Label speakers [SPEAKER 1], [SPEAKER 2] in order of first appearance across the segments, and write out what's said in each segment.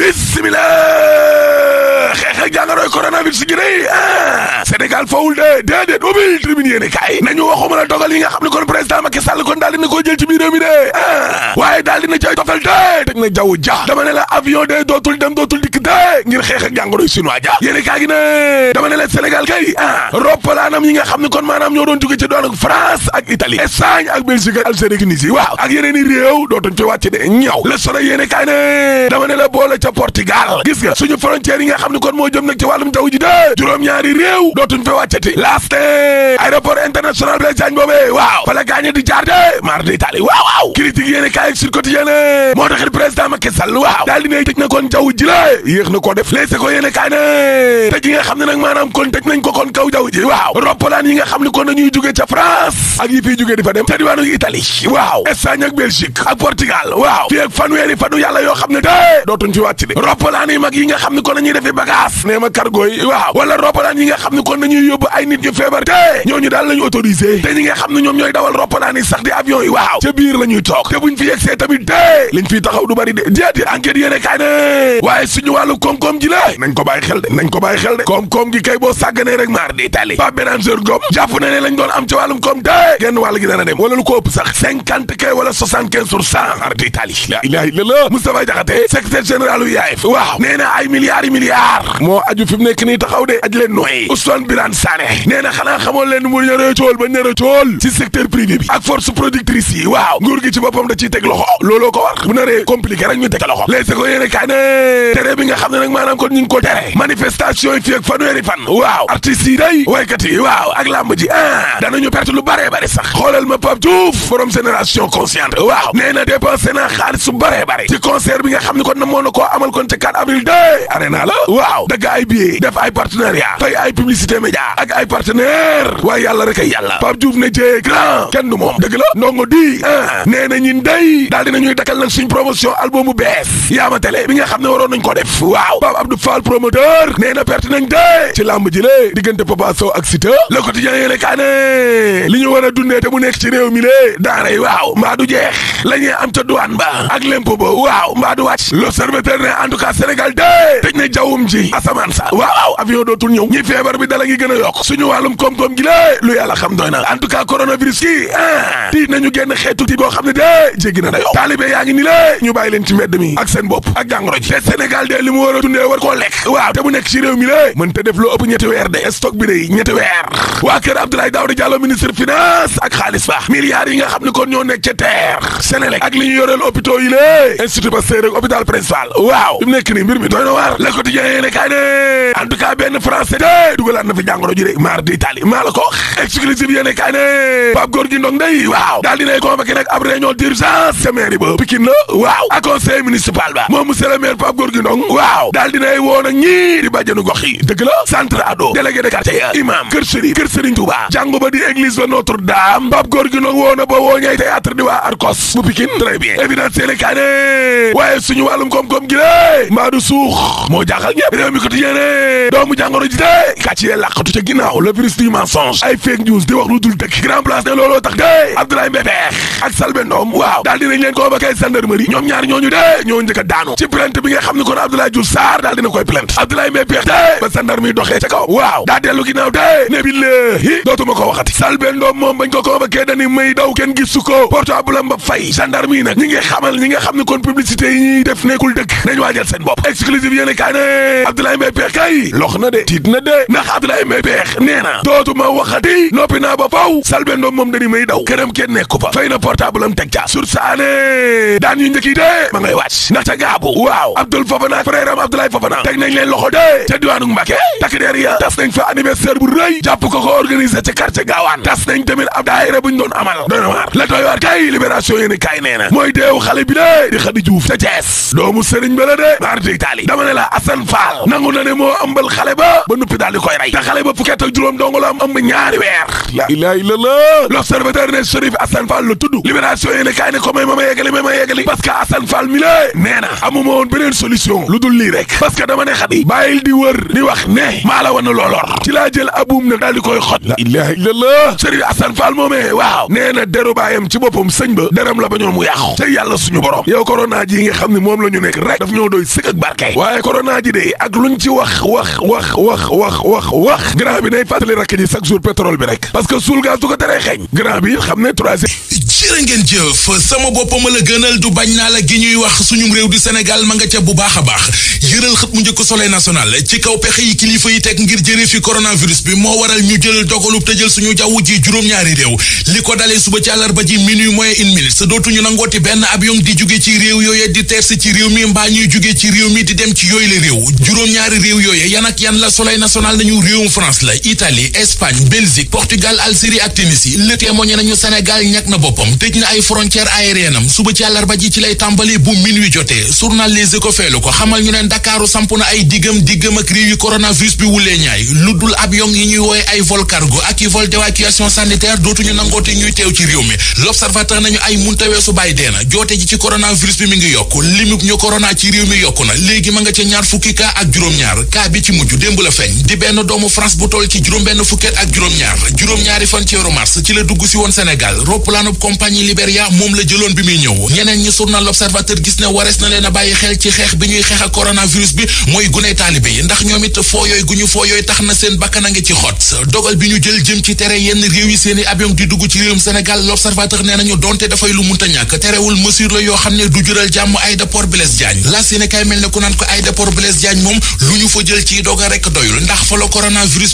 [SPEAKER 1] bismillah jàngoroy coronavirus gi day ah Sénégal fawul de déedéet ubbil tribune yéene kaay nañu waxuma la dogal yi nga xam ne kon président Macky Sall kon daal dina ko jël ci biir réew mi de ah waaye daal dina de teg na jaww ja dama ne la avion de dootul dem dootul dikk de ngir xeex ak jàngoroy chinois ja yéene gi ne dama ne la Sénégal kay ah roppalaanam yi nga xam ne kon maanaam ñoo doon jóge ci doon ak France ak Italie Espagne ak Belgique ak Algérie Tunisie waaw ak yeneen i réew dootuñ ci wàcc de ñaw le soleil yéene kaay ne dama ne la boole moo jëm nag wàllum jaww ji de juróom-ñaari réew dootuñ fa wàccati laaste aéroport international Blaise Diagne boobee waaw fa la gaañe di jaar de mar di tali waaw waaw critique yéene kaay ne tëj na kon jaww ji yéex na ko def léese ko yéene kaay ne tëj nga xam ne nag maanaam kon tëj nañ ko kon kaw jaww ji waaw roppalaan yi nga xam ne kon dañuy jóge ca France ak yi fii jóge di fa dem te diwaanu Italie waaw Espagne ak Belgique ak Portugal waaw fii ak fanweeri fanu yàlla yoo xam ne de dootuñ fi wàcc de roppalaan yi mag yi nga xam ne kon dañuy defi bagage cargo waaw wala roppalaan yi nga xam ne kon dañuy yóbbu ay nit ñu feebar te ñooñu daal lañu autorisé te ñi nga xam ne ñoom ñooy dawal roppalaan yi sax di avion yi waaw ca biir la toog te buñ fi yegsee tamit dee liñ fiy taxaw du bari de déedéet enquête yéene kaay ne waaye suñu wàllu koom-koom ji la nañ ko bàyyi xel de nañ ko gi kay boo sàgganee rek maar di tali ba Bérangère Ngom jàpp na ne lañ doon am ca wàllum koom dee genn wàll gi dana dem wala fi mu nekk nii taxaw de aj leen nooy Ousmane Birane Sané nee xanaa xamoon leen mu ñoree cool ba ñoree cool ci secteur privé bi ak force productrice yi waaw nguur gi ci boppam da ciy teg loxo looloo ko war bu naree compliqué rek ñu teg loxo les ko yéene kaay ne tere bi nga xam ne nag maanaam kon ñu ngi ko tere manifestation yi fii ak fanweeri fan waaw artistes yi day waykat yi waaw ak làmb ji ah danañu perte lu bare sax xoolal ma Pape Diouf borom génération consciente waaw nee na dépensé bare ci concert bi nga xam ne kon na moo na koo amal kon ci liggéey def ay partenariat tey ay publicité média ak ay partenaire waaye yàlla rek ay yàlla Pape Diouf ne jëyee grand kenn du moom dëgg la ndongo di ah nee na ñun day daal dinañuy dakkal nag suñ promotion album bu bees yaama télé bi nga xam ne waroon nañ ko def waaw Pape Abdou Fall promoteur nee na perte nañ de ci làmb ji lee diggante Papa Sow ak Siteu le quotidien yéene li ñu war dundee te mu nekk ci réew mi lee daaray waaw mbaa du jeex la ñuy am ca douane ba ak lempo ba waaw mbaa du wàcc l'observateur ne waaw avion dootul ñëw ñi feebar bi dala ngi gën a yokk suñu wàllum koom-koom gi lée lu yàlla xam doy na en tout cas coronavirus gi ah nañu génn xeetu ci xam ne dee jéggi na dayoo taalibe yaa ngi ni lée ñu bàyyi leen ci mbedd mi ak seen bopp ak jàngoro ji te Sénégal de li mu war a dundee war koo lekk waaw te bu nekk ci réew mi lée mën te def loo ëpp ñetti weer de stock bi ñetti weer waa kër Abdoulaye Daouda Diallo ministre finance ak xaalis ba yi nga xam ne ñu yoreel hôpitaux yi lée mi doy en tout cas benn français de dugalaat na fi jàngoro ji de maar di Italie maa la ko exclusive yéene kaay ne Pape Gorgui Ndong day waaw daal dinay convoqué nag ab réunion d'urgence ca mairie ba Pikine la waaw ak conseil municipal ba moom monsieur le maire waaw daal dinay woon ak ñii di bàjjenu gox yi la centre ado de quartier imam kër Serigne kër Serigne Touba jàngu ba di église ba Notre Dame Pape woona ba woo ñay théâtre di waa Arcos bu Pikine très doomu jàngoro ji de kàcc yee làqatu ca ginnaaw le virus du mensonge ay fake news di wax lu dul dëkk grand place ne looloo tax de Abdoulaye Mbebeex ak Salbe Ndom waaw daal dinañ leen convoqué gendarmerie ñoom ñaar ñooñu de ñoo njëkk a daanu ci plainte bi nga xam ne kon Abdoulaye Diouf Sarr daal dina koy plainte Abdoulaye Mbebeex de ba gendarmerie doxee ca kaw waaw daa dellu ginnaaw de ne billahi dootuma ko waxati Salbe Ndom moom bañ ko ko portable kay lox na de tiit na de ndax Abdoulaye Mbaye Peex nee na dootuma waxati noppi naa ba faw Selbé Ndom moom dañu may daw këram kenn nekku fa fay na portable teg ca sur saane daan ñu njëkk de ma ngay wàcc ndax ca gaabu waaw Abdoul Fofana frère am Abdoulaye Fofana teg nañ leen loxo de ca diwaanu Mbàkke takk deer ya tas nañ fa anniversaire bu rëy jàpp ko ko organisé ca quartier gaawaan tas nañ tamit ab daayira buñ doon amal doy la doy waar moo ëmbal xale ba ba nuppi daal di koy rey te xale ba fukki at juróom dong la ëmb ñaari weer la ilaha illallah ne Chérif Assane Fall la tudd libération yéene kaay ko may ma yegali ma yegali parce que Assane mi la nee na amuma woon beneen solution lu dul lii rek parce dama ne xadi bàyyil di wër di wax ne maa la wan na ci laa jël abuum nag daal koy xot la ilaha illallah Chérif Assane Fall moomee waaw nee na deru baayam ci boppam sëñ ba deram la ba wax wax wax wax wax wax wax grand bi day fàttali
[SPEAKER 2] rakk ji chaque bi rek parce que suul gaz du ko teree xeeñ grand bi xam ne troisième jërë ngeen jëf sama boppam la gënal du bañ naa la gi ñuy wax suñum réew di Sénégal ma nga ca bu baax a baax yëral xët mu njëkk soleil national ci kaw pexe yi kilifa yi teg ngir jëre fi coronavirus bi moo waral ñu jël dogalub tëjal suñu jaww ji juróom-ñaari réew li ko dalee suba ci àllarba ji minuit moins une sa dootuñu nangooti benn avion di jóge ci réew yooye di terse ci réew mi mbaa ñuy jóge ci réew mi di dem ci yooyu la réew juróom-ñaari réew réew yooyu yan ak yan la soleil national nañu réewum France la Italie Espagne Belgique Portugal Algérie ak Tunisie le témoigné nañu Sénégal ñàkk na boppam tëj na ay frontière aérienne am suba ci àllarba ji ci lay tàmbali bu minuit jotee journal Les Échos feelu ko xamal ñu ne Ndakaaru samp na ay diggam diggam ak réew yi coronavirus bi wulee ñaay lu dul avion yi ñuy wooye ay vol cargo ak i vol d'évacuation sanitaire dootuñu nangoote ñuy teew ci réew mi l'observateur cas bi ci mujj démb la feeñ di benn doomu France bu toll ci juróom-benn fukket ak juróom-ñaar juróom-ñaari fan ci weeru mars ci la dugg si woon Sénégal roppalaanub compagnie Liberia moom la jëloon bi muy ñëw ñeneen ñi surnaal l'Observateur gis ne warees na leen a bàyyi xel ci xeex bi ñuy xeex ak coronavirus bi mooy guney taalibe yi ndax ñoom it foo yooy gu ñu foo yooy tax na seen bakkan a ngi ci xot dogal bi ñu jël jëm ci tere yenn réew yi seen i avion di dugg ci réewum Sénégal l'Observateur nee nañu donte dafay lu munta ñàkk terewul mesure la yoo xam ne du jural jàmm aéroport Blaise Diagne la Sénégal mel ne ku naan ko aéroport Blaise Diagne moom ko jël ci doga rek doyul ndax fa la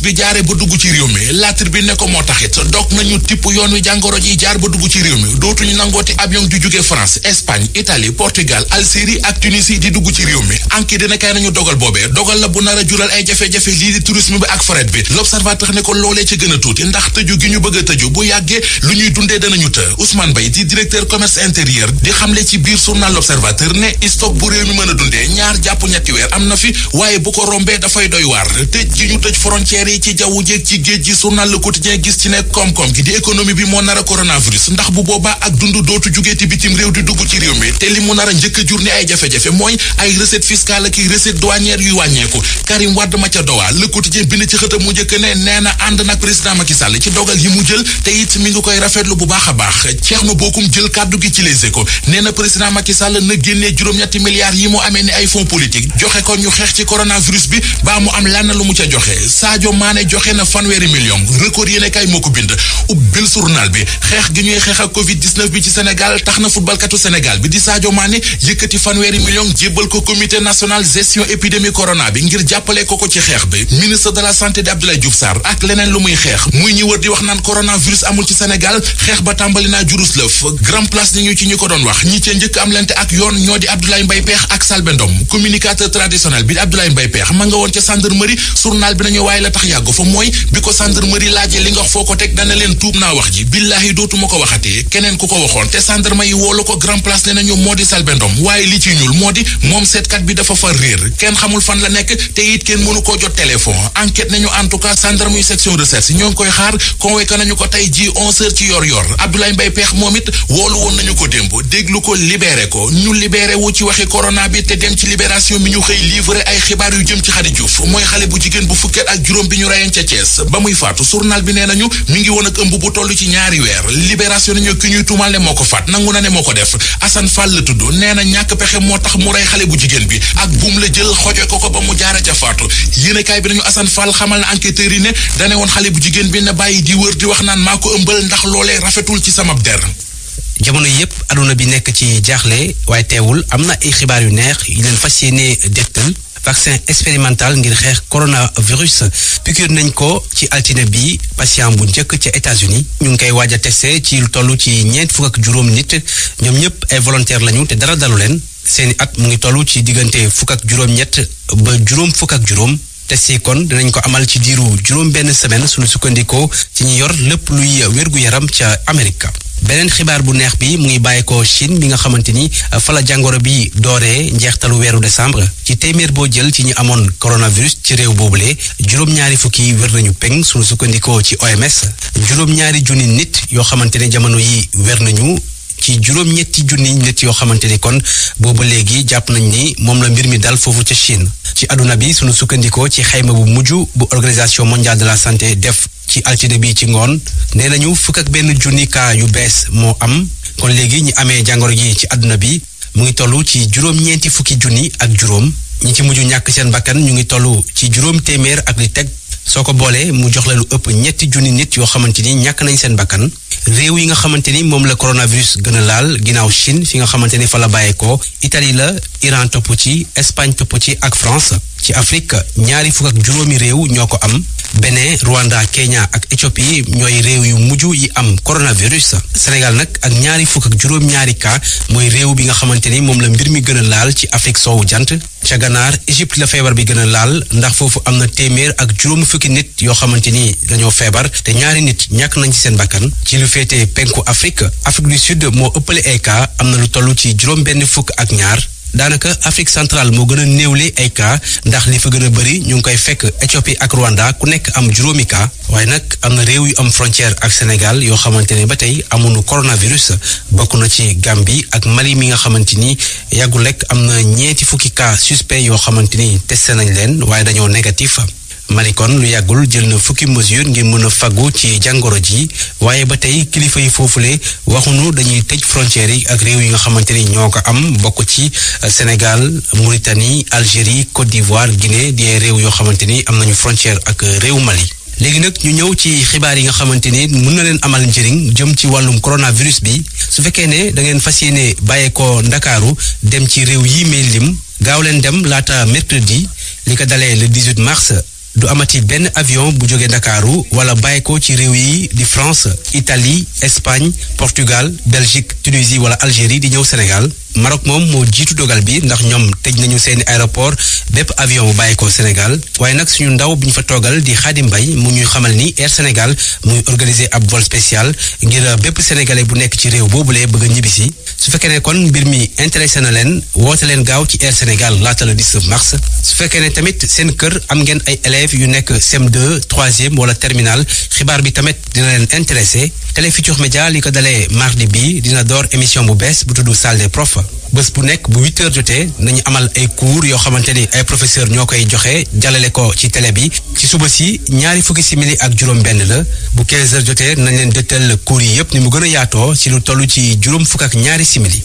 [SPEAKER 2] bi jaare ba dugg ci réew mi la tribune ne ko moo taxit dog nañu tipp yoon wi jàngoro ji jaar ba dugg ci réew mi dootuñu nangooti avion di jóge France Espagne Italie Portugal Algérie ak Tunisie di dugg ci réew mi anki dina kay nañu dogal boobee dogal la bu nar a jural ay jafe-jafe lii di tourisme bi ak fret bi l'observateur ne ko loolee ci gën a tuuti ndax tëju gi ñu bëgg a tëju bu yàggee lu ñuy dundee danañu të Ousmane Bay di directeur commerce intérieur di xamle ci biir journal l'observateur ne stock bu réew mi mën a dundee ñaar jàpp ñetti weer am rombee dafay doy waar tëj gi ñu tëj frontières yi ci jaww jeeg ci géej gi journal Le Quotidien gis ci ne koom-koom gi di économie bi moo nar a coronavirus ndax bu booba ak dund dootu jugee ci bitim réew di dugg ci réew mi te li mu nar a njëkk a jur ni ay jafe-jafe mooy ay recette fiscale ak recette douanière yuy wàññeeku Karim Wade ma ca dowaa Le Quotidien bind ci xëtam mu njëkk ne nee na ànd nag président Macky Sall ci dogal yi mu jël te it mi ngi koy rafet lu bu baax a baax Thierno Bocoum jël kàddu gi ci Les Échos nee na président Macky Sall na génnee juróom-ñetti milliards yi mu amee ni ay fonds politique bi baa mu am lan lu mu ca joxe Sadio Mané joxe na fanweeri million record yéene kay moo ko bind ubbil journal bi xeex gi ñuy xeex ak Covid 19 bi ci Sénégal tax na footballkatu Sénégal bi di Sadio Mané yëkkati fanweeri million jébbal ko comité national gestion épidémie corona bi ngir jàppale ko ko ci xeex bi ministre de la santé di Abdoulaye Diouf Sarr ak leneen lu muy xeex muy ñi wër di wax naan coronavirus amul ci Sénégal xeex ba tàmbali na jurus lëf grand place ni ñu ci ñu ko doon wax ñi ca njëkk am lante ak yoon ñoo di Abdoulaye Mbaye Peex ak Salbe Ndom communicateur traditionnel bi Abdoulaye Mbaye Peex ma nga woon ca gendarmerie journal bi nañu waaye la tax yàggu fa mooy bi ko gendarmerie laajee li nga foo ko teg dana leen tuub naa wax ji billaahi dootuma ko waxatee keneen ku ko waxoon te gendarme yi woolu ko grand place ne nañu moo di salbendom waaye li ci ñuul moo di moom seetkat bi dafa fa réer kenn xamul fan la nekk te it kenn mënu koo jot téléphone enquête nañu en tout cas gendarme yu section recherche ñoo ngi koy xaar convoqué nañu ko tey j onze heures ci yor yor Abdoulaye Mbaye Peex moom ko démb déglu ko libéré ko ñu libéré wu ci waxi corona bi bi ñu xëy ci Khady Diouf mooy xale bu jigéen bu fukket ak juróom bi ñu rayeen ca Thiès ba muy faat journal bi nee nañu mu ngi woon ak ëmb bu toll ci ñaari weer libération nañu ki ñuy tuumal ne moo ko faat nangu na ne moo ko def Assane Fall la tudd nee na ñàkk pexe moo tax mu rey xale bu jigéen bi ak buum la jël xojo ko ko ba mu jaara ca faatu yéenekaay bi nañu Assane Fall xamal na enquêteurs yi ne dane woon xale bu
[SPEAKER 3] jigéen bi na bàyyi di wër di wax naan maa ko ëmbal ndax loolee rafetul ci sama der jamono yëpp aduna bi nekk ci jaaxle waaye teewul am na ay xibaar yu neex yu leen fas yéenee dektal vaccin expérimental ngir xeex coronavirus piqûre nañ ko ci altine bi patient bu njëkk ca États-Unis ñu ngi koy waaj a testé ci lu toll ci ñeent fukk ak juróom nit ñoom ñëpp ay volontaire lañu te dara dalu leen seeni at mu ngi tollu ci diggante fukk ak juróom-ñett ba juróom fukk ak juróom test yi kon dinañ ko amal ci diiru juróom benn semaine suñu sukkandikoo ci ñu yor lépp luy wérgu yaram ca Amérique beneen xibaar bu neex bi mu ngi bàyyi ko Chine bi nga xamante ni euh, fa jàngoro bi dooree njeextalu weeru décembre ci téeméer boo jël ci ñu amoon coronavirus ci réew boobule juróom-ñaari fukki wér nañu peng suñu sukkandikoo ci OMS juróom-ñaari junni nit yoo xamante ne jamono yi weer nañu ci juróom-ñetti junni nit yoo xamante ni kon booba léegi jàpp nañ ni moom la mbir mi dal foofu ca Chine ci àdduna bi sunu sukkandikoo ci xayma bu mujj bu organisation mondiale la santé def ci altine bi ci ngoon nee nañu fukk ak benn junni kaa yu bees moo am kon léegi ñi amee jàngoro ji ci àdduna bi mu ngi toll ci juróom-ñeenti fukki junni ak juróom ñi ci mujj ñàkk seen bakkan ñu ngi tollu ci juróom téeméer ak li teg soo ko boolee mu jox la lu ëpp ñetti junni nit yoo xamante ni ñàkk nañ seen bakkan réew yi nga xamante ni moom la coronavirus gën a laal ginnaaw Chine fi nga xamante ni fa la bàyyeekoo itali la Iran topp ci Espagne topp ci ak France ci Afrique ñaari fukk ak juróomi réew ñoo ko am Benin Rwanda Kenya ak Éthiopie ñooy réew yu mujj yi am coronavirus Sénégal nag ak ñaari fukk ak juróom mooy réew bi nga xamante ni moom la mbir mi gën a laal ci Afrique sowu jant ca ganaar Égypte la feebar bi gën a laal ndax foofu am na téeméer ak juróom fukki nit yoo xamante ni dañoo feebar te ñaari nit ñàkk nañ ci seen bakkan ci lu féete penku Afrique Afrique du Sud moo ëppale ay ka am na lu toll ci juróom benn fukk ak ñaar daanaka Afrique centrale moo gën a néewle ay cas ndax li fa gën a bëri ñu ngi koy fekk Éthiopie ak Rwanda ku nekk am juróomi cas waaye nag am na réew yu am frontière ak Sénégal yoo xamante ne ba tey amuñu coronavirus bokk na ci Gambie ak Mali mi nga xamante ni yàggul rek am na ñeenti fukki cas suspect yoo xamante ni testé nañ leen waaye dañoo négatif. Malikon lu yàggul jël na fukki mesure ngir mën a faggu ci jàngoro ji waaye ba tey kilifa yi foofule waxuñu dañuy tëj frontières yi ak réew yi nga xamante ni ñoo ko am bokk ci euh, Sénégal Mauritanie Algérie Côte d'Ivoire Guinée di réew yoo xamante ni am nañu frontière ak euh, réew Mali. léegi nag ñu ñëw ci xibaar yi nga xamante ni mën na leen amal njëriñ jëm ci wàllum coronavirus bi su fekkee ne da ngeen fas yéene bàyyeekoo ndakaaru dem ci réew yii may lim gaaw leen dem laata mercredi li ko dalee le 18 mars. du amati benn avion bu jógee ndakaaru wala bàyyi ko ci réew yi di France Italie Espagne Portugal Belgique Tunisie wala Algérie di ñëw Sénégal Maroc moom moo jiitu dogal bi ndax ñoom tëj nañu seeni aéroport bépp avion bu bàyyi ko Sénégal waaye nag suñu ndaw bi ñu fa toogal di Xaadim Mbay mu ñuy xamal ni Air Sénégal muy organiser ab vol spécial ngir bépp sénégalais bu nekk ci réew boobule bëgg a ñibbisi su fekkee ne kon mbir mi intéressé na leen woote leen gaaw ci Air Sénégal laata la 19 mars su fekkee ne tamit seen kër am ngeen ay élèves yu nekk CM2 3e terminal xibaar bi tamit dina leen intéressé Télé Futurs Médias li ko dalee mardi bi dina door émission bu bees bu tudd salle des bés bu nekk bu huit jotee nañu amal ay cours yoo xamante ni ay professeur ñoo koy joxe jàllale ko ci télé bi ci suba si ñaari fukki simili ak juróom-benn la bu quinze jotee nañ leen dëttal cours yi yëpp ni mu gën a yaatoo ci lu toll ci juróom fukk ak ñaari simili